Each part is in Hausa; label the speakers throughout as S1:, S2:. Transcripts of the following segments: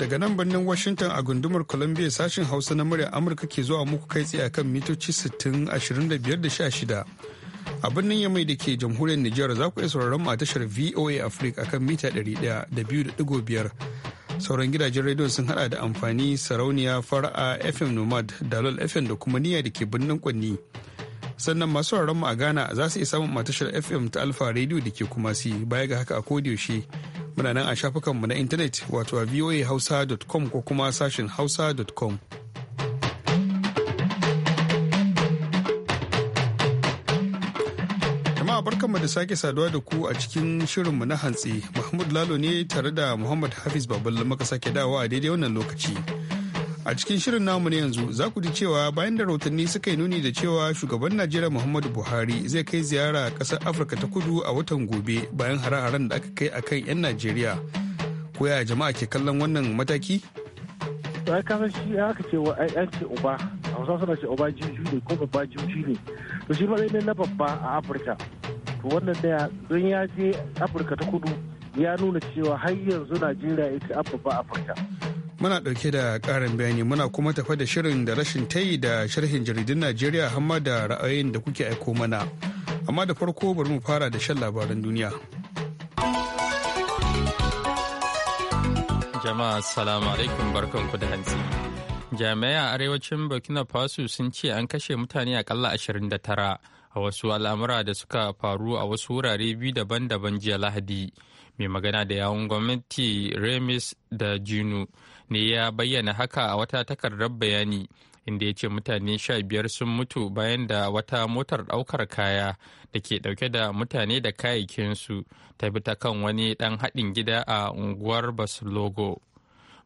S1: Daga nan birnin Washington a gundumar Columbia sashen Hausa na murya Amurka ke zuwa muku kai tsaye akan mitoci 60 25 da 16. a birnin yamai da ke jamhuriyar Nijar za ku iya sauraron a tashar VOA Africa akan mita 100.5 sauran gidajen rediyo sun hada da amfani sarauniya fara'a FM Nomad Dalol FM da kuma niyya da ke birnin Kwanni. Sannan masu sauraron mu a Ghana za su iya samun matashar FM ta Alfa Radio da ke kumasi baya ga haka a yaushe. Muna nan a shafukanmu na intanet wato a voahausa.com ko kuma sashin hausa.com. Jama'a barkanmu da sake saduwa da ku a cikin shirinmu na hantsi. Mahmud Lalo ne tare da Muhammad Hafiz babal maka sake dawa a daidai wannan lokaci. a cikin shirin namu na yanzu za ku ji cewa bayan da rahotanni suka yi nuni da cewa shugaban najeriya muhammadu buhari zai kai ziyara ƙasar afirka ta kudu a watan gobe bayan hare-haren da aka kai a kan 'yan najeriya koya jama'a ke kallon wannan mataki
S2: ya shi haka ce wa ce oba a wasu suna ce oba ko babba to shi ne na babba a afirka to wannan da don ya je afirka ta kudu ya nuna cewa har yanzu najeriya ita
S3: babba afirka
S1: Muna ɗauke da ƙarin bayani muna kuma tafa da shirin da rashin tayi da sharhin jaridun Najeriya hamma da ra'ayoyin da kuke aiko mana. Amma da farko bari mu fara da shan labaran duniya.
S4: Jama'a salamu alaikum barkanku da hantsi. jami'ai arewacin burkina faso sun ce an kashe mutane akalla tara a wasu al'amura da suka faru a wasu wurare biyu daban-daban jiya lahadi mai magana da yawun gwamnati remis da jinu ne ya bayyana haka a wata takardar bayani inda ya ce mutane sha biyar sun mutu bayan da wata motar ɗaukar kaya da ke ɗauke da mutane da kayayyakinsu ta bi ta kan wani ɗan haɗin gida a unguwar baslogo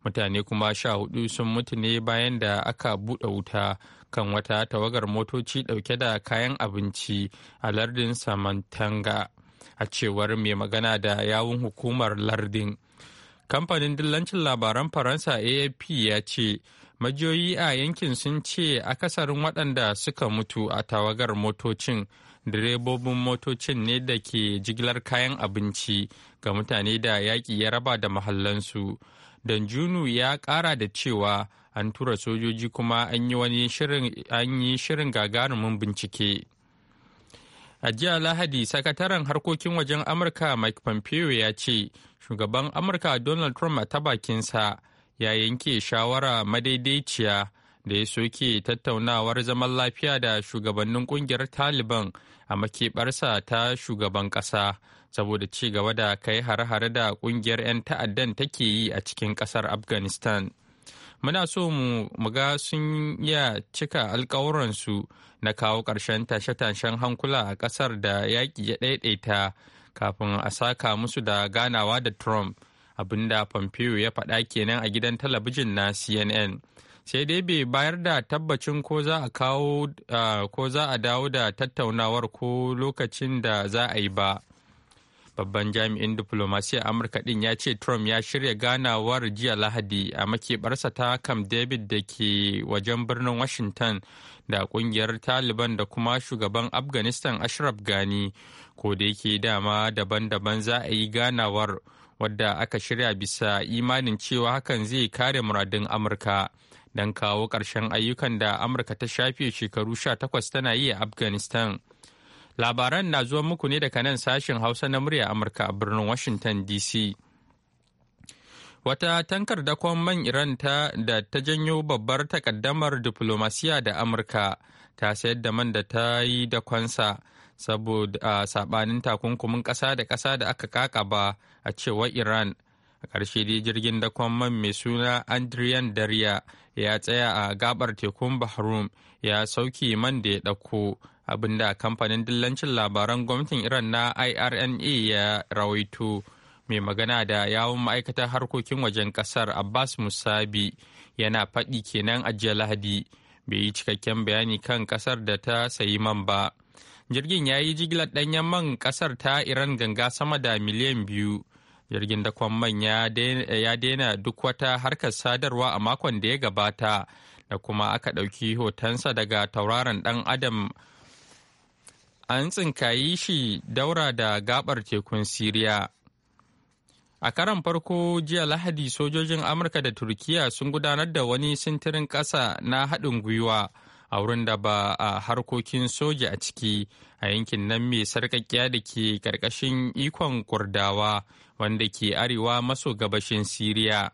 S4: mutane kuma sha hudu sun mutu ne bayan da aka buɗe wuta kan wata tawagar motoci ɗauke da kayan abinci a lardin samantanga a cewar mai magana da yawun hukumar lardin Kamfanin dillancin labaran Faransa AFP ya ce, majiyoyi a yankin sun ce akasarin waɗanda suka mutu a tawagar motocin direbobin motocin ne da ke jigilar kayan abinci ga mutane da yaƙi ya raba da mahallansu. Danjunu ya ƙara da cewa an tura sojoji kuma an yi shirin gagarumin bincike. A jiya Lahadi, sakataren harkokin wajen Amurka Mike Pompeo ya ce, shugaban Amurka Donald Trump a ta bakinsa ya yanke shawara madaidaiciya da ya soke tattaunawar zaman lafiya da shugabannin kungiyar Taliban a makebarsa ta shugaban ƙasa saboda ci gaba da kai hare-hare da kungiyar 'yan ta'addan take yi a cikin ƙasar Afghanistan. muna so mu ga sun iya cika alkawuransu na kawo ƙarshen tashe-tashen hankula a ƙasar da yaƙi ya ɗaiɗaita kafin a saka musu da ganawa da trump abinda pompeo ya faɗa kenan a gidan talabijin na cnn sai dai bai bayar da tabbacin ko za a kawo ah, ko za a dawo da tattaunawar ko lokacin da za a yi ba babban jami'in diplomasiyya amurka din ya ce trump ya shirya ganawar jiya lahadi a makebarsa ta camp david da ke wajen birnin washington da kungiyar taliban da kuma shugaban afghanistan ashraf gani ko da yake dama daban-daban za a yi ganawar wadda aka shirya bisa imanin cewa hakan zai kare muradin amurka don kawo karshen ayyukan da amurka ta shafe shekaru 18 tana yi a afghanistan Labaran na zuwa muku ne daga nan sashen Hausa na murya Amurka a birnin Washington DC. Wata tankar dakon man Iran ta da ta janyo babbar takaddamar diplomasiya da Amurka ta sayar da man da ta yi dakonsa saboda sabanin takunkumin ƙasa da ƙasa da aka kakaba a cewa Iran. a ƙarshe dai jirgin dakon man mai suna andrian dariya ya tsaya a gabar tekun bahrum ya sauke man da ya ɗauko abinda kamfanin dillancin labaran gwamnatin iran na irna ya rawaito mai magana da yawon ma'aikatar harkokin wajen kasar abbas musabi yana faɗi kenan a jiya lahadi bai yi cikakken bayani kan kasar da ta sayi man ba jirgin ya yi jigilar ɗanyen man kasar ta iran ganga sama da miliyan biyu jirgin dakon man ya daina duk wata harkar sadarwa a makon da ya gabata da kuma aka ɗauki hotonsa daga tauraron ɗan adam an tsinkayi shi daura da gabar tekun Siriya. A karan farko jiya Lahadi sojojin Amurka da Turkiya sun gudanar da wani sintirin ƙasa na haɗin gwiwa a wurin da ba a harkokin soja a ciki a yankin nan mai sarƙaƙiya da ke ƙarƙashin ikon Kurdawa wanda ke arewa maso gabashin Siriya.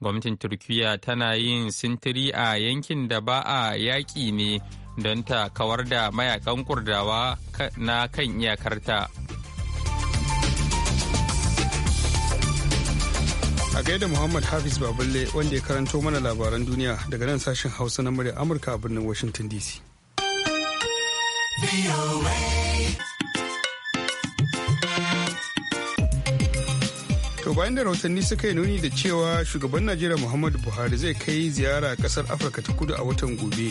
S4: Gwamnatin Turkiya tana yin sintiri a yankin da ba a yaƙi ne don ta kawar da mayakan kurdawa na kan iyakarta. a
S1: gaida muhammad hafiz baballe wanda ya karanto mana labaran duniya daga nan sashen hausa na murya amurka a birnin washington dc to bayan da rahotanni suka yi nuni da cewa shugaban najeriya muhammadu buhari zai kai ziyara kasar afirka ta kudu a watan gobe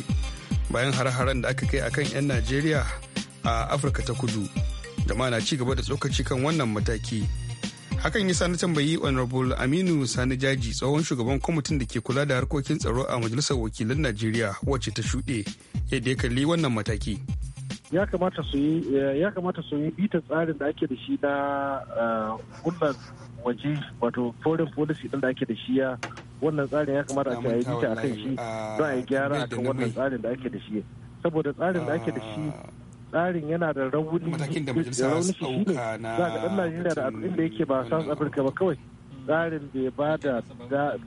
S1: bayan hare-haren da aka kai a kan 'yan najeriya a afirka ta kudu jama'a na ci gaba da tsokaci kan wannan mataki hakan yi sani tambayi honorable aminu sani jaji tsohon shugaban kwamitin da ke kula da harkokin tsaro a majalisar wakilan najeriya wacce ta shuɗe yadda ya kalli wannan mataki
S2: ya kamata su yi ya kamata su yi bita tsarin da ake da shi na eh, hulɗar waje wato foreign policy din da ake da shi wannan tsarin ya kamata a yi bita a kan shi don ah, a yi gyara a kan wannan tsarin da ake da shi saboda tsarin da ake da shi ah. tsarin yana da rauni da rauni shi ɗauka na za ga ɗan Najeriya da abin da yake ba South Africa ba kawai tsarin da ya da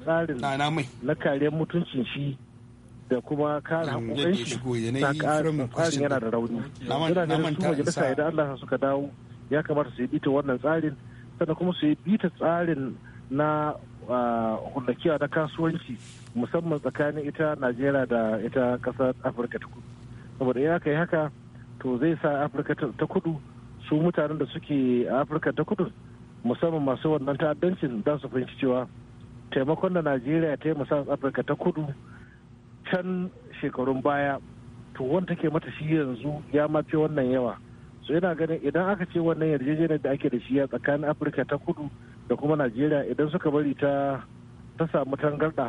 S2: tsarin na kariyar mutuncin shi da kuma kare mm, hakukan shi tsarin yana da rauni yana da su majalisa idan Allah suka dawo ya kamata su yi bita wannan tsarin sannan kuma su yi bita tsarin na hulakiya na kasuwanci musamman tsakanin ita najeriya da ita kasar afirka ta kudu saboda ya kai haka to zai sa afirka ta kudu su mutanen da suke a afirka ta kudu musamman masu wannan ta'addancin za su fahimci cewa taimakon da najeriya ta yi musamman afirka ta kudu can shekarun baya to wanda take mata shi yanzu ya mafi wannan yawa so yana ganin idan aka ce wannan yarjejeniyar da ake da shi a tsakanin afirka ta kudu da kuma najeriya idan suka bari ta ta samu tangarɗa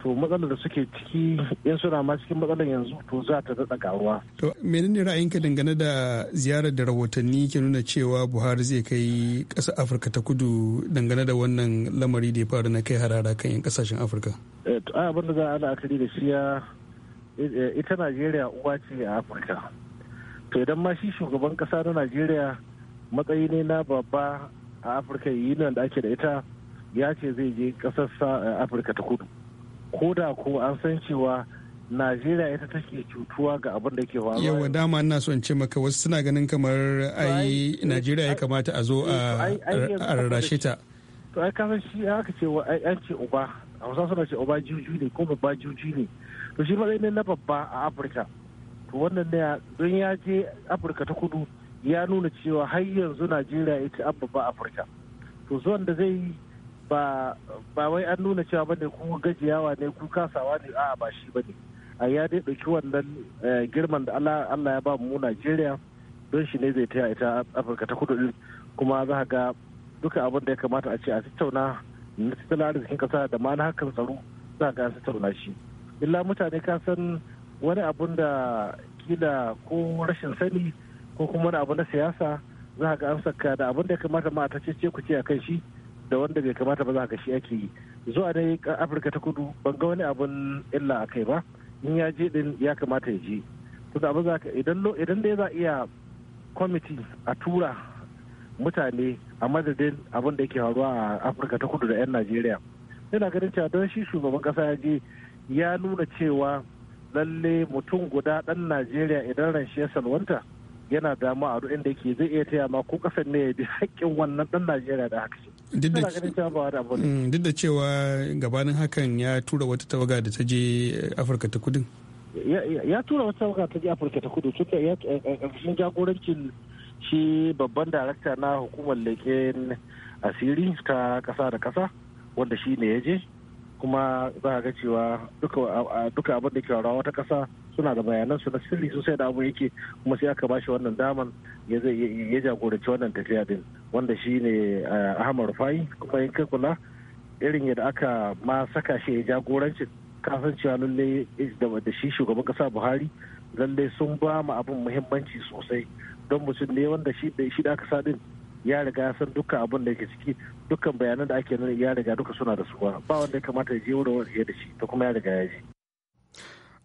S2: to matsalar da suke ciki in suna ma cikin matsalar yanzu to za ta daɗa ƙaruwa.
S1: to menene ra'ayinka dangane da ziyarar da rahotanni ke nuna cewa buhari zai kai ƙasa afirka ta kudu dangane da wannan lamari da ya faru na kai harara kan 'yan ƙasashen afirka.
S2: Eh, abin da za a la'akari da shi eh, eh, ita najeriya uwa ce a afirka to idan ma shi shugaban ƙasa na najeriya matsayi ne na babba a afirka union da ake da ita ya ce zai je kasar afirka ta kudu ko da ko an san cewa najeriya ita take cutuwa ga abin da ke faruwa yawa
S1: dama ina son ce maka wasu suna ganin kamar ai eh, najeriya ya kamata a zo a eh, rarrashe ta
S2: to ai kasan shi aka ce an ce uba hausa suna ce uba juju ne ko babba juju ne to shi ne na babba a afirka to wannan ne don ya je afirka ta kudu ya nuna cewa har yanzu najeriya ita abba ba afirka to zuwan da zai ba wai an nuna cewa bane ku gajiyawa ne ku kasawa ne a ba shi bane a ya dai ɗauki wannan eh, girman da allah ya ba mu najeriya don shi ne zai taya ita afirka ta kudu kuma za ga duka abin da ya kamata a ce a tattauna na tattalin arzikin kasa da ma na hakan tsaro za ga an tattauna shi illa mutane ka san wani abun da kila ko rashin sani ko kuma wani abu na siyasa za ga an saka da abin da ya kamata ma ta ce ku ce a kan shi da wanda bai kamata ba za ga shi ake yi zuwa dai afirka ta kudu ban ga wani abun illa a kai ba in ya je din ya kamata ya je to da abin za ka idan idan dai za iya kwamiti a tura mutane a madadin abin da yake faruwa a afirka ta kudu da 'yan najeriya yana ganin cewa don shi shugaban kasa ya je ya nuna cewa lalle mutum guda dan najeriya idan ran shi ya salwanta yana damuwa a ruɗin da yake zai iya taya ma ko kasar ne ya bi haƙƙin wannan ɗan najeriya da haka
S1: mm, duk da cewa gabanin hakan ya tura wata tawaga da ta je afirka ta kudin
S2: ya tura wata tawaga ta je afirka ta kudu suka ya ƙarƙashin eh, eh, eh, jagorancin shi babban darakta na hukumar leƙen asiri ta ƙasa da ƙasa wanda shi ne ya je kuma za a ga cewa duka abin da ke wata ƙasa suna da su na sirri sosai da abu yake kuma sai aka bashi wannan daman ya jagoranci wannan tafiya din wanda shi ne eh, ahmad rufai kuma in kai kula irin yadda aka ma saka shi ya jagorancin kasan cewa lalle da shi shugaban kasa buhari lalle sun ba mu abin muhimmanci sosai don mutum ne wanda shi da aka sa din ya riga san dukkan abin da yake ciki dukkan bayanan da ake nuna ya riga duka suna da su ba wanda ya kamata ya je wurin wani ya da shi ta kuma ya riga ya je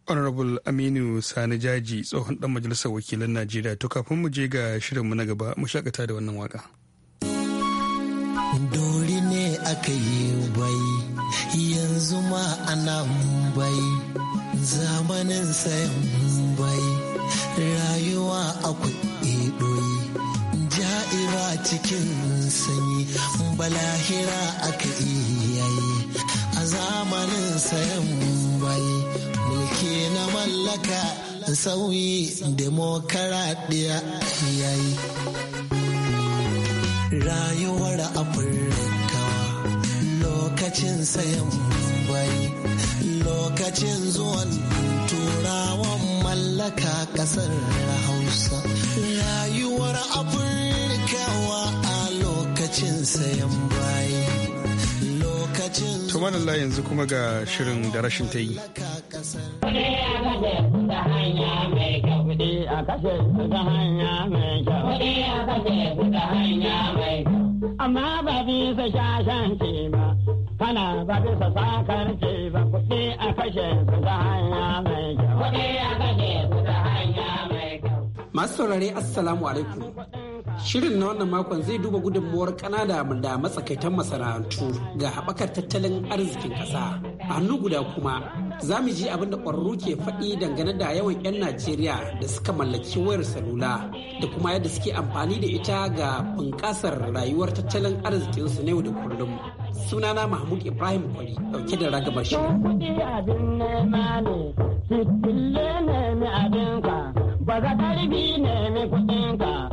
S1: honorable aminu sani jaji tsohon dan majalisar wakilan najeriya to kafin mu je ga mu na gaba mu shakata da wannan waka
S5: dori ne aka yi bai
S6: yanzu ma ana bai zamanin sayan bai rayuwa akwai ɗoyi ja'ira cikin sanyi balahira aka yi a zamanin sayan bai mulki na mallaka sauyi demokaradiyya yayi rayuwar rikawa lokacin sayan bai lokacin zuwan turawan mallaka kasar hausa rayuwar afirkawa a lokacin sayan bai
S1: Tumar Allah yanzu kuma ga shirin da rashin ta yi.
S7: Amma ba bisa shashan ce ba, kana ba bisa sakar ce ba, kuɗi a kashe su ta hanya mai kyau. Kuɗi a kashe su ta hanya mai
S5: kyau. Masu saurare Assalamu alaikum. Shirin na wannan makon zai duba gudunmuwar kanada da matsakaitan masana'antu ga haɓakar tattalin arzikin ƙasa. A hannu guda kuma za mu ji abin da ƙwararru ke faɗi dangane da yawan 'yan Najeriya da suka mallaki wayar salula da kuma yadda suke amfani da ita ga bunƙasar rayuwar tattalin arzikinsu na yau da kullum. Sunana Mahmud Ibrahim Kwari ɗauke da ragamar shirin.
S7: Ba za ne kuɗinka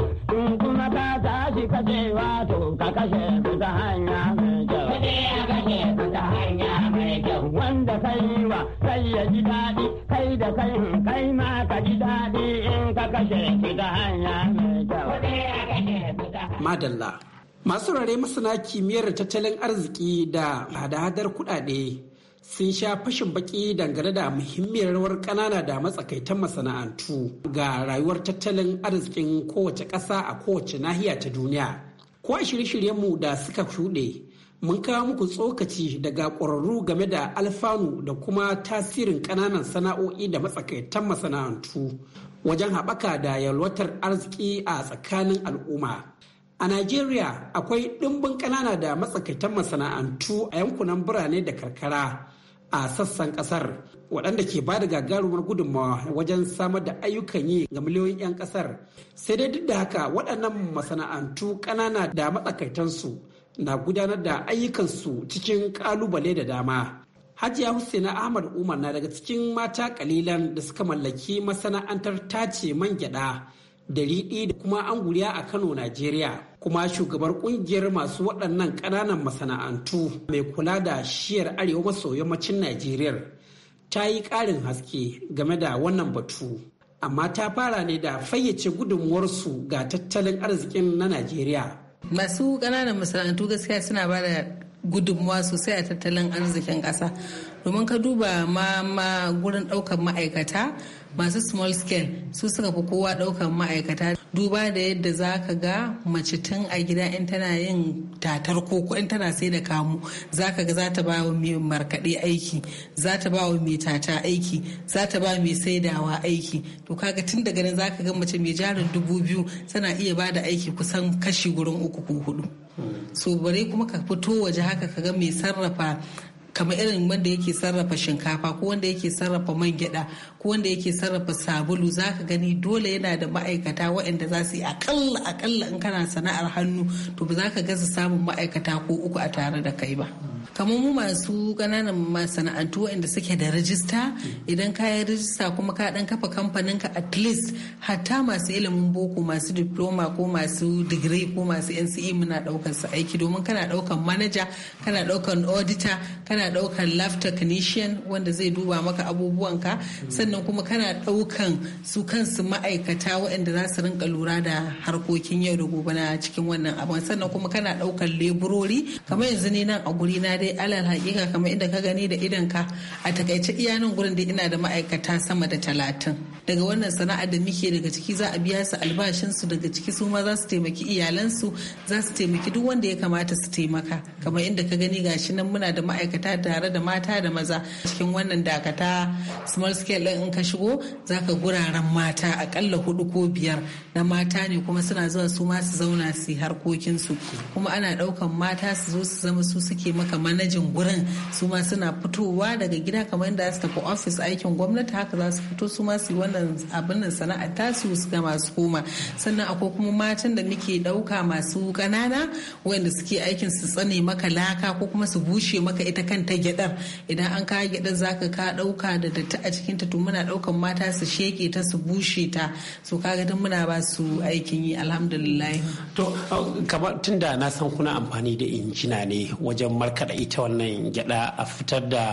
S7: kuma ka tashi ka ce wato ka kashe su ta hanya mai kyau. Kuɗi a kashe su ta hanya mai kyau. Wanda ka yi wa sai ya ji daɗi kai da kai kai ma ka ji daɗi in ka kashe su ta hanya mai kyau. Kuɗi a kashe su ta
S5: Madalla. Masu rare masana kimiyyar tattalin arziki da hada-hadar kuɗaɗe sun sha fashin baki dangane da muhimmiyar rawar ƙanana da matsakaitan masana'antu ga rayuwar tattalin arzikin kowace ƙasa a kowace nahiya ta duniya. Ko a shirye-shiryenmu da suka shuɗe, mun kawo muku tsokaci daga ƙwararru game da alfanu da kuma tasirin ƙananan sana'o'i da matsakaitan masana'antu wajen haɓaka da yalwatar arziki a tsakanin al'umma. A Najeriya akwai ɗimbin ƙanana da matsakaitan masana'antu a yankunan birane da karkara a sassan kasar waɗanda ke ba da gagarumar gudummawa wajen samar da ayyukan yi ga miliyoyin 'yan kasar sai dai duk da haka waɗannan masana'antu ƙanana da matsakaitansu na gudanar da ayyukansu cikin ƙalubale da dama Hajiya Hussaina Ahmad Umar na daga cikin mata ƙalilan da suka mallaki masana'antar tace man gyada dariɗi da kuma an guriya a Kano, Najeriya. Kuma shugabar kungiyar masu waɗannan ƙananan masana'antu mai kula da shiyar arewa maso yammacin Najeriya ta yi ƙarin haske game da wannan batu.
S6: Amma ta fara ne da fayyace gudunmuwarsu ga tattalin arzikin na Najeriya. Masu ƙananan masana'antu gaskiya suna ba da gudunmuwa sosai a tattalin arzikin ƙasa. Domin ka duba ma, ma gurin ɗaukar ma'aikata masu small scale su suka fi kowa ɗaukan ma'aikata duba da yadda za ka ga mace tun a gida in tana yin tatar ko in tana sai da kamu za ka ga za ta ba wa mai markaɗe aiki za ta ba wa mai tata aiki za ta ba mai saidawa aiki to kaga tun daga nan za ka ga mace mai jarin dubu biyu tana iya ba da aiki kusan kashi gurin uku ko hudu so bare kuma ka fito waje haka ka ga mai sarrafa kamar irin wanda yake sarrafa shinkafa ko wanda yake sarrafa man gyada ko wanda yake sarrafa sabulu za ka gani dole yana da ma'aikata waɗanda za su yi akalla akalla in kana sana'ar hannu to ba za ka gasa samun ma'aikata ko uku a tare da kai ba. kamar mu masu kananan masana'antu waɗanda suke da rajista idan ka yi rajista kuma ka ɗan kafa kamfanin ka at least hatta masu ilimin boko masu diploma ko masu digiri ko masu NCE muna ɗaukar su aiki domin kana ɗaukar manaja kana ɗaukar auditor kana ɗaukar lab technician wanda zai duba maka abubuwan ka sannan kuma kana ɗaukan su kansu ma'aikata waɗanda za su rinka lura da harkokin yau da gobe na cikin wannan abin sannan kuma kana ɗaukan leburori kamar yanzu ne nan a guri na dai alal hakika kamar inda ka gani da idan ka a takaice iyanin gurin da ina da ma'aikata sama da talatin daga wannan sana'ar da muke daga ciki za a biya su albashinsu daga ciki su ma za su taimaki iyalansu za su taimaki duk wanda ya kamata su taimaka kamar inda ka gani gashi nan muna da ma'aikata tare da mata da maza cikin wannan dakata small scale in ka shigo za ka guraren mata akalla hudu ko biyar na mata ne kuma suna zuwa su ma su zauna su yi harkokinsu kuma ana daukan mata su zo su zama su suke maka manajin gurin su ma suna fitowa daga gida kamar yadda su tafi ofis aikin gwamnati haka za su fito su ma su yi wannan abin nan sana'a tasu su ga masu koma sannan akwai kuma matan da muke ɗauka masu ƙanana wanda suke aikin su tsane maka laka ko kuma su bushe maka ita kanta gyaɗar idan an kawo gyaɗar zaka ka ɗauka da datti a cikin ta to muna ɗaukan mata su sheke ta su bushe ta so kaga duk muna ba su aikin yi alhamdulillah to
S5: uh, kamar tunda na san kuna amfani da injina ne wajen markaɗa ita wannan gyada a fitar da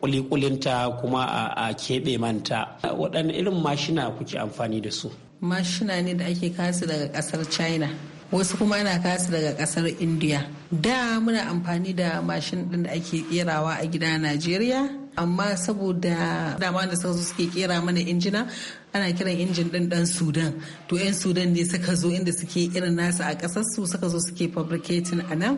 S5: kulikulinta kuma a keɓe manta waɗanne irin mashina kuke amfani da su
S6: mashina ne da ake kasu daga ƙasar china wasu kuma na kasu daga ƙasar india da muna amfani da mashin ɗin da ake ƙerawa a gida najeriya amma saboda dama da suka suke kera mana injina ana kiran injin din dan sudan to yan sudan ne suka zo inda suke irin nasu a kasar su suka zo suke fabricating a nan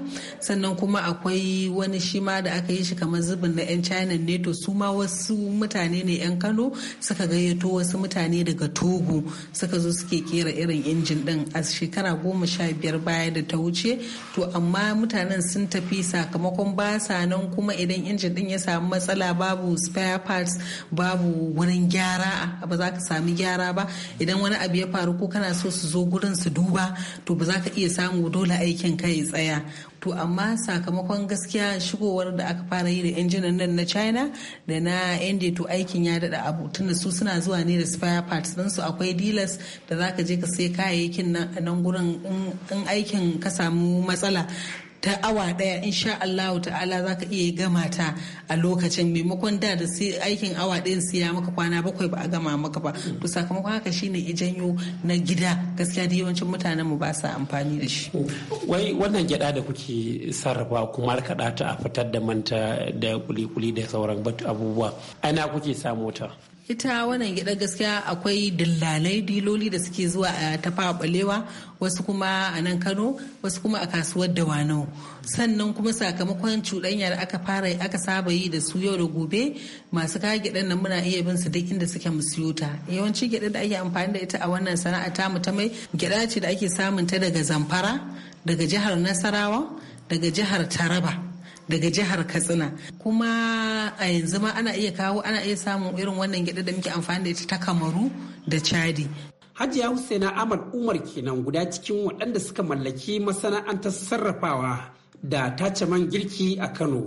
S6: sannan kuma akwai wani shi ma da aka yi shi kamar zubin na yan china ne to su ma wasu mutane ne yan kano suka gayyato wasu mutane daga togo suka zo suke kera irin injin din a shekara goma sha biyar baya da ta wuce to amma mutanen sun tafi sakamakon ba sa nan kuma idan injin din ya samu matsala babu spare parts babu wurin gyara ba za ka sami sami gyara ba idan wani abu ya faru ko kana so su zo gurin su duba to ba za ka iya samu dole aikin ka ya tsaya to amma sakamakon gaskiya shigowar da aka fara yi da injinan nan na china da na india to aikin ya dada abu tunda su suna zuwa ne da spare parts din su akwai dealers da za ka je ka sai kayayyakin nan gurin in aikin ka samu matsala ta awa daya insha Allah ta'ala za ka iya gama ta a lokacin maimakon da da sai aikin awa ɗayan siya maka kwana bakwai ba a gama maka ba to sakamakon haka shine ijanyo na gida gaskiya da yawancin mutanen mu ba sa amfani da shi
S5: wai wannan gyada da kuke sarrafa kuma ka ta a fitar da manta da kuli-kuli da sauran abubuwa ana kuke samu ta
S6: ita wannan gida gaskiya akwai dillalai diloli da suke zuwa a eh, tafa balewa wasu kuma a nan kano wasu kuma a kasuwar dawanau sannan kuma sakamakon cuɗanya da aka fara aka saba yi da su yau da gobe masu kayan gidan nan muna iya bin su duk inda suke mu ta yawanci gidan da ake amfani da ita a wannan sana'a ta mu ta mai gida ce da ake samun ta daga zamfara daga jihar nasarawa daga jihar taraba daga jihar katsina kuma a yanzu ma ana iya kawo ana iya samun irin wannan gyada da muke amfani da ita ta kamaru
S5: da chadi hajiya husaina ahmad umar kenan guda cikin waɗanda suka mallaki masana'antar sarrafawa da tace man girki a kano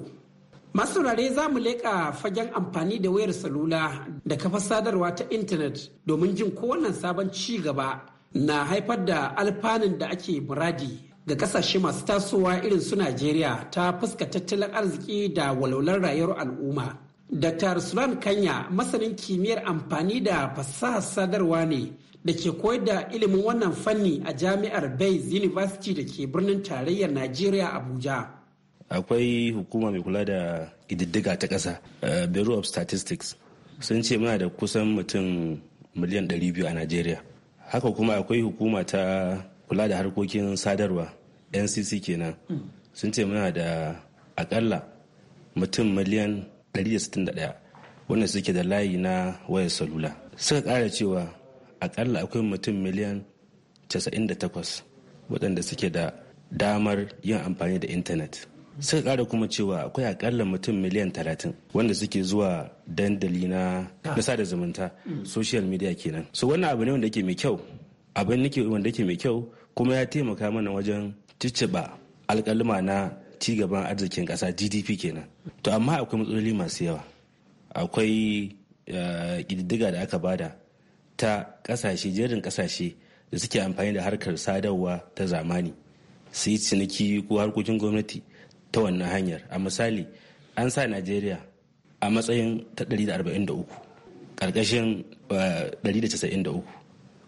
S5: masu rare za mu leƙa fagen amfani da wayar salula da kafa sadarwa ta intanet domin jin wannan sabon ci gaba na haifar da alfanun da ake muradi ga kasashe masu tasowa irin su Najeriya ta fuska tattalin arziki da walwalar rayuwar al'umma. Dr. Sulan Kanya masanin kimiyyar amfani da fasaha sadarwa ne da ke koyar da ilimin wannan fanni a jami'ar Bayes University da ke birnin tarayyar Najeriya Abuja.
S3: Akwai hukuma mai kula da ƙididdiga ta ƙasa, eh, Bureau of Statistics, sun ce muna da kusan mutum miliyan 200 a Najeriya. Haka kuma akwai hukuma ta kula da harkokin sadarwa ncc kenan sun ce muna da akalla mutum miliyan 161 wanda suke da layi na wayar salula suka kara cewa akalla akwai mutum miliyan 98 waɗanda suke da damar yin amfani da intanet suka kara kuma cewa akwai akalla mutum miliyan 30 wanda suke zuwa dandali na sada zumunta mm. social media kenan so wannan abu ne wanda yake mai kyau abin nake wanda yake mai kyau kuma ya taimaka mana wajen cicciba alkalima na cigaban arzikin ƙasa gdp kenan to amma akwai matsaloli masu yawa akwai eh, ƙididdiga da aka bada ta ƙasashe jerin ƙasashe da suke amfani da harkar sadarwa ta zamani su yi ciniki ko harkokin gwamnati ta wannan hanyar a misali an sa najeriya a matsayin ta 143 ƙarƙashin 193 eh,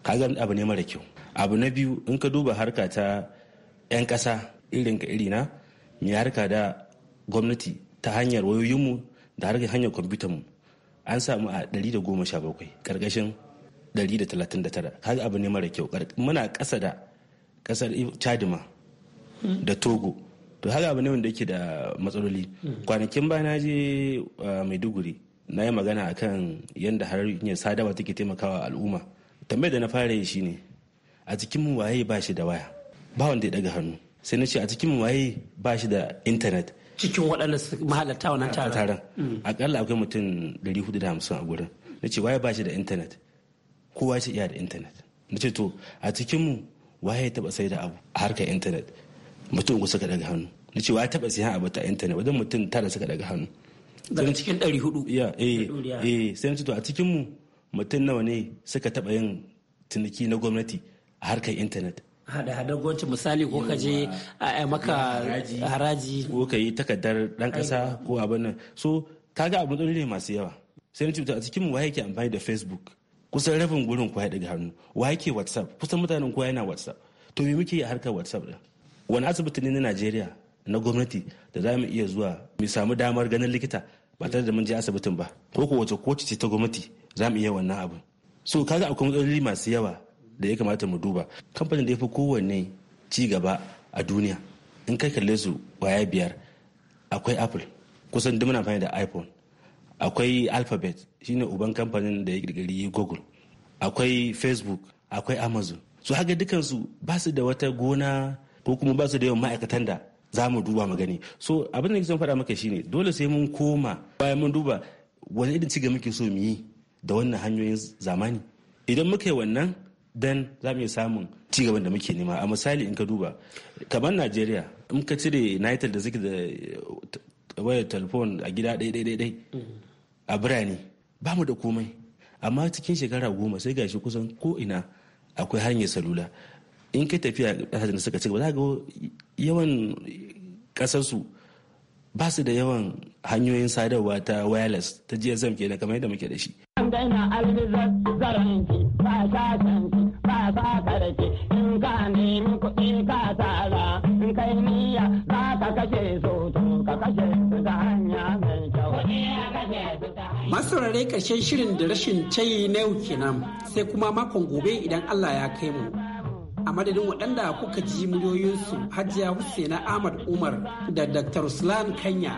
S3: kaga abu ne mara kyau abu na biyu in ka duba harka ta 'yan ƙasa irin ka irina mai harka da gwamnati ta hanyar wayoyinmu da harkar hanyar mu an samu a 117 ƙarƙashin 139 har abu ne mara kyau muna ƙasa da ƙasar chadima da togo to har abu ne wanda yake da matsaloli kwanakin ba na je maiduguri na yi magana akan yadda hanyar sadarwa take taimakawa al'umma tambayar da na fara yi shine a cikin mu waye ba shi da waya ba wanda ya daga hannu sai na ce a cikin mu waye ba shi da intanet cikin waɗanda mahalarta wannan taron akalla mm. akwai mutum 450 a gurin na ce waye ba shi da intanet kowa shi iya da intanet na ce to a cikin mu waye taba sai da abu a harkar intanet mutum uku suka daga hannu na ce waye taba sai abu ta intanet wajen mutum tara suka daga hannu daga cikin 400 ya eh, eh sai na ce to a cikin mu mutum nawa ne suka taba yin tuniki na gwamnati a harkar intanet hada-hadar gwamnati misali ko ka je a maka haraji ko ka yi takardar dan kasa ko abin nan so kaga abin ne masu yawa sai na a cikin waye ke amfani da facebook kusan rabin gurin ku daga hannu waye ke whatsapp kusan mutanen kowa yana whatsapp to me muke a harkar whatsapp din wani asibiti ne na najeriya na gwamnati da za mu iya zuwa mu samu damar ganin likita ba tare da mun je asibitin ba ko ko wace koci ce ta gwamnati za mu iya wannan abin so kaga akwai matsaloli masu yawa da ya kamata mu duba kamfanin da ya fi kowanne ci gaba a duniya in kai kalle su waya biyar akwai apple kusan duk muna amfani da iphone akwai alphabet shine uban kamfanin da ya kirkiri google akwai facebook akwai amazon su haka dukansu ba su da wata gona ko kuma ba su da yawan ma'aikatan da za mu duba mu gani so abin da zan faɗa maka shine dole sai mun koma bayan mun duba wani irin ci muke so mu yi da wannan hanyoyin zamani idan muka yi wannan dan za mu iya samun gaban da muke nema a misali in ka duba kamar najeriya in ka cire united da suke da eh, waya telefon a gida ɗai a birane ba mu da komai amma cikin shekara goma sai gashi kusan ko ina akwai hanyar salula in kai tafiya ƙasashen da suka ci gaba za ga yawan ƙasarsu ba su da yawan hanyoyin sadarwa ta wireless ta gsm kenan kamar yadda muke da shi.
S7: ka sa
S5: karke shirin da rashin cayi na yau kenan sai kuma makon gobe idan Allah ya kai mu. a madadin waɗanda kuka ji muryoyinsu hajiya Hussaina ahmad umar da dr ruslan kanya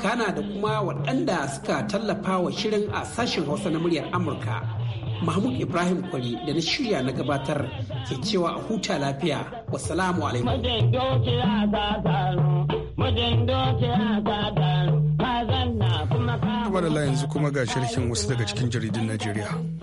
S5: kana da kuma waɗanda suka tallafa wa shirin a sashen hausa na muryar amurka mahmud ibrahim kwari da na shirya na gabatar ke cewa a huta lafiya wasalamu alaikum
S1: Tuba da yanzu kuma ga sharhin wasu daga cikin jaridun Najeriya.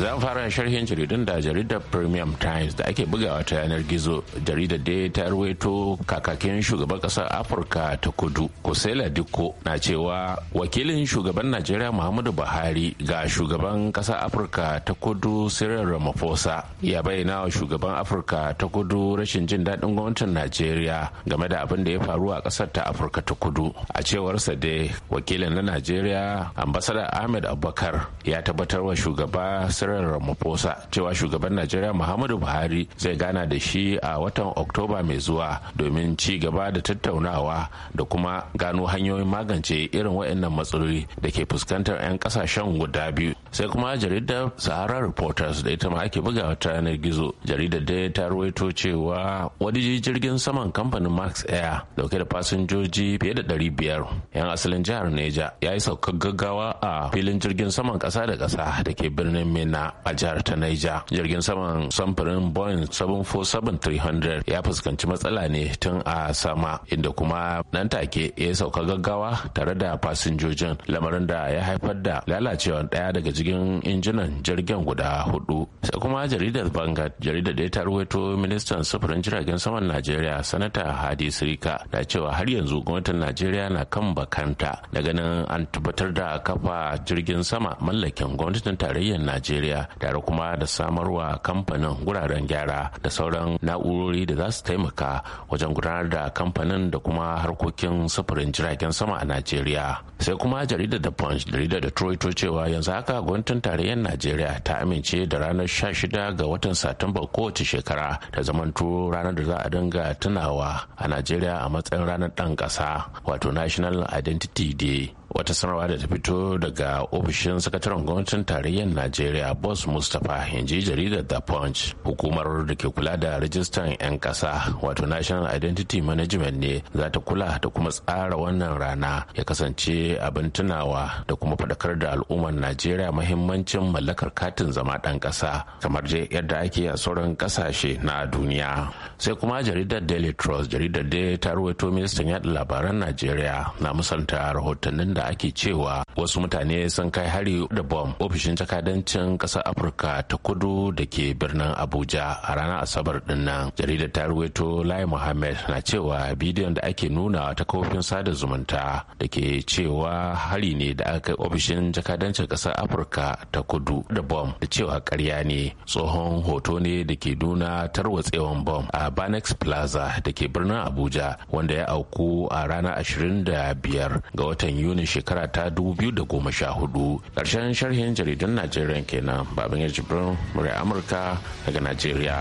S8: za mu fara sharhin jaridun da jaridar premium times da ake bugawa ta yanar gizo jaridar da ta ruwaito kakakin shugaban kasar afirka ta kudu kusela diko na cewa wakilin shugaban najeriya muhammadu buhari ga shugaban kasar afirka ta kudu sirrin ramaphosa ya bayyana wa shugaban afirka ta kudu rashin jin daɗin gwamnatin najeriya game da abin da ya faru a ƙasar ta afirka ta kudu a cewarsa dai wakilin na najeriya ambasada ahmed abubakar ya tabbatar wa shugaba janar Ramaphosa, cewa shugaban najeriya muhammadu buhari zai gana da shi a watan oktoba mai zuwa domin ci gaba da tattaunawa da kuma gano hanyoyin magance irin waɗannan matsaloli da ke fuskantar 'yan ƙasashen guda biyu sai kuma jaridar sahara reporters da ita ma ake buga ta yanar gizo jaridar da ta ruwaito cewa wani jirgin saman kamfanin max air dauke da fasinjoji fiye da ɗari biyar, 'yan asalin jihar neja ya yi saukar gaggawa a filin jirgin saman kasa da kasa da ke birnin mina Kaduna a jihar ta Niger. Jirgin saman samfurin Boeing 747-300 ya fuskanci matsala ne tun a sama inda kuma nan take ya sauka gaggawa tare da fasinjojin lamarin da ya haifar da lalacewa daya daga cikin injinan jirgin guda hudu. Sai kuma jaridar Vanguard jaridar da ta ruwaito ministan sufurin jiragen saman Najeriya sanata Hadi Sirika da cewa har yanzu gwamnatin Najeriya na kan bakanta da ganin an tabbatar da kafa jirgin sama mallakin gwamnatin tarayyar Najeriya. koriya tare kuma da samarwa kamfanin guraren gyara da sauran na'urori da za su taimaka wajen gudanar da kamfanin da kuma harkokin sufurin jiragen sama a najeriya sai kuma jaridar da punch jaridar da troito cewa yanzu haka gwamnatin tarayyar najeriya ta amince da ranar 16 ga watan satumba kowace shekara ta zamanto ranar da za a dinga tunawa a najeriya a matsayin ranar ɗan ƙasa wato national identity day wata sanarwa da ta fito daga ofishin sakataren gwamnatin tarayyar najeriya boss mustapha ji jaridar the punch hukumar da ke kula da rajistan 'yan kasa wato national identity management ne za ta kula da kuma tsara wannan rana ya kasance abin tunawa da kuma faɗakar da al'ummar najeriya mahimmancin mallakar katin zama ɗan ƙasa kamar je yadda ake a sauran ƙasashe na duniya sai kuma jaridar daily trust jaridar da ta ruwaito ministan yaɗa labaran najeriya na musanta rahotannin da da ake cewa wasu mutane sun kai hari da bom ofishin jakadancin ƙasar afirka ta kudu da ke birnin abuja a ranar asabar din nan jaridar ta ruwaito lai muhammad na cewa bidiyon da ake nuna ta kofin sada zumunta da ke cewa hari ne da aka kai ofishin jakadancin ƙasar afirka ta kudu da bom da cewa karya ne tsohon hoto ne da ke nuna tarwatsewan bom a banex plaza da ke birnin abuja wanda ya auku a ranar 25 ga watan yuni shekara ta 2014 ƙarshen sharhin jaridun najeriya kenan baban ya jibrin amurka daga najeriya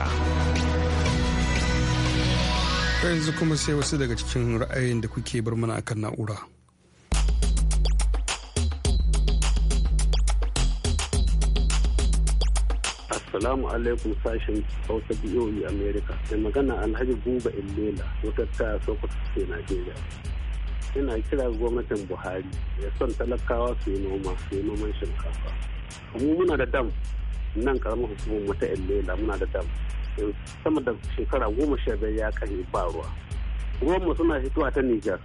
S1: yanzu kuma sai wasu daga cikin ra'ayin da kuke bar mana akan na'ura
S2: Assalamu alaikum sashen Hausa biyoyi e amerika Mai magana Alhaji Buba Illela, wata ta Sokoto ce Najeriya. yana kira gwamnatin buhari ya son talakawa su yi noma su yi noman shinkafa mu muna da dam nan karamar hukumar mata illela muna da dam sama da shekara goma sha biyar ya kashe ba ruwa ruwan mu suna fitowa ta nijar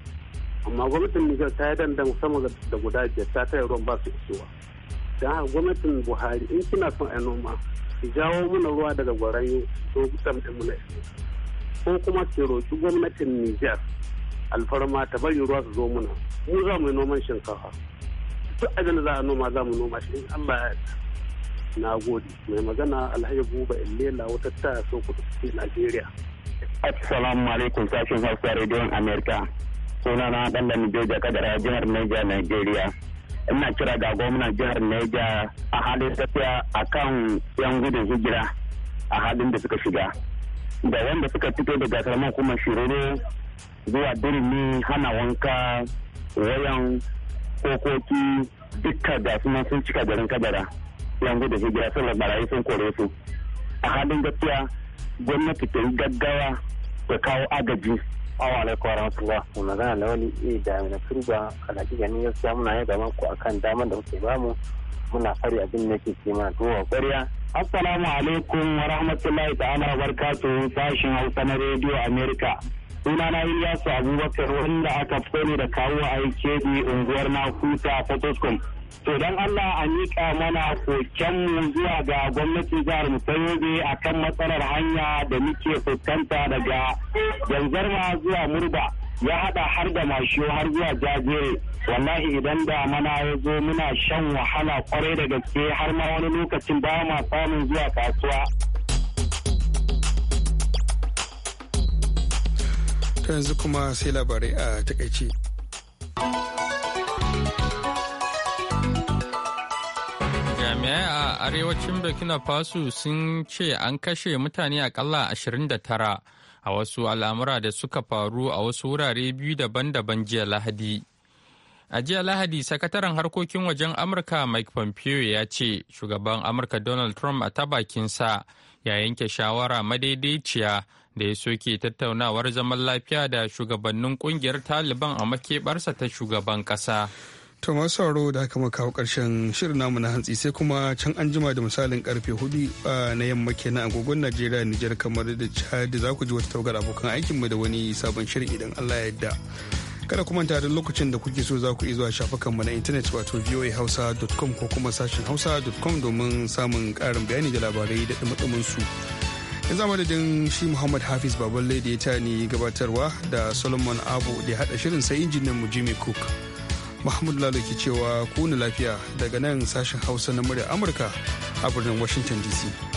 S2: amma gwamnatin nijar ta yi dandam sama da guda biyar ta taya ruwan ba su isowa don haka gwamnatin buhari in kina son a noma ki jawo mana ruwa daga gwarayo su mu ko kuma ki roki gwamnatin nijar alfarma ta bari ruwa su zo muna mu za mu yi noman shinkafa duk abin da za a noma za mu noma shi in Allah ya na gode mai magana alhaji buba illela wata ta so kudu cikin najeriya
S7: assalamu alaikum sashen hausa rediyon amerika suna na dan da da kadara jihar niger nigeria ina kira ga gwamnan jihar neja a halin tafiya a kan yan gudun hijira a halin da suka shiga da wanda suka fito daga karamar kuma ne. zuwa birni hana wanka wayan kokoki dukkan da su sun cika garin kadara yanzu da hijira sun barayi sun kore su a halin gaskiya gwamnati ta yi gaggawa da kawo agaji awa alaikum warahmatullah mu magana na wani iya da na turba a hakika ganin gaskiya muna yi gaban ku akan damar da muke bamu muna fari abin da ke mana tuwa kwarya assalamu alaikum rahmatullahi ta'ala barkatu sashin hausa na rediyo america suna sunana yasu Abubakar wanda aka fone da kawo a kebe unguwar Makuta Fotoscom. To don Allah a miƙa mana kokenmu zuwa ga gwamnatin jihar mu ta Yobe a kan matsalar hanya da muke fuskanta daga Zanzarma zuwa Murba ya hada har da mashiyo har zuwa jajere. Wallahi idan da mana ya zo muna shan wahala kwarai da gaske har ma wani lokacin ba ma samun zuwa kasuwa.
S1: To yanzu kuma sai labarai a takaice.
S4: Jami'ai a arewacin Burkina Faso sun ce an kashe mutane akalla 29 a wasu al'amura da suka faru a wasu wurare biyu daban-daban jiya Lahadi. A jiya Lahadi, sakataren harkokin wajen Amurka Mike Pompeo ya ce shugaban Amurka Donald Trump a ta bakinsa ya yanke shawara madaidaiciya da ya soke tattaunawar zaman lafiya da shugabannin kungiyar taliban a makebarsa ta shugaban kasa.
S1: to masu da aka kawo karshen shirin namu na hantsi sai kuma can an jima da misalin karfe hudu na yamma kenan agogon najeriya nijar kamar da chad za ku ji wata taugar abokan aikinmu da wani sabon shirin idan allah ya yarda kada kuma da lokacin da kuke so za ku iya zuwa shafukanmu na intanet wato voahausa.com ko kuma sashen hausa.com domin samun karin bayani da labarai da dumatsumin su. yanzu a madadin shi muhammad hafiz baballe da ya ni gabatarwa da solomon abu da ya haɗa shirin sai injiniyan mu jimmy cook mahmud lalo ke cewa kuna lafiya daga nan sashen hausa na murya amurka a birnin washington dc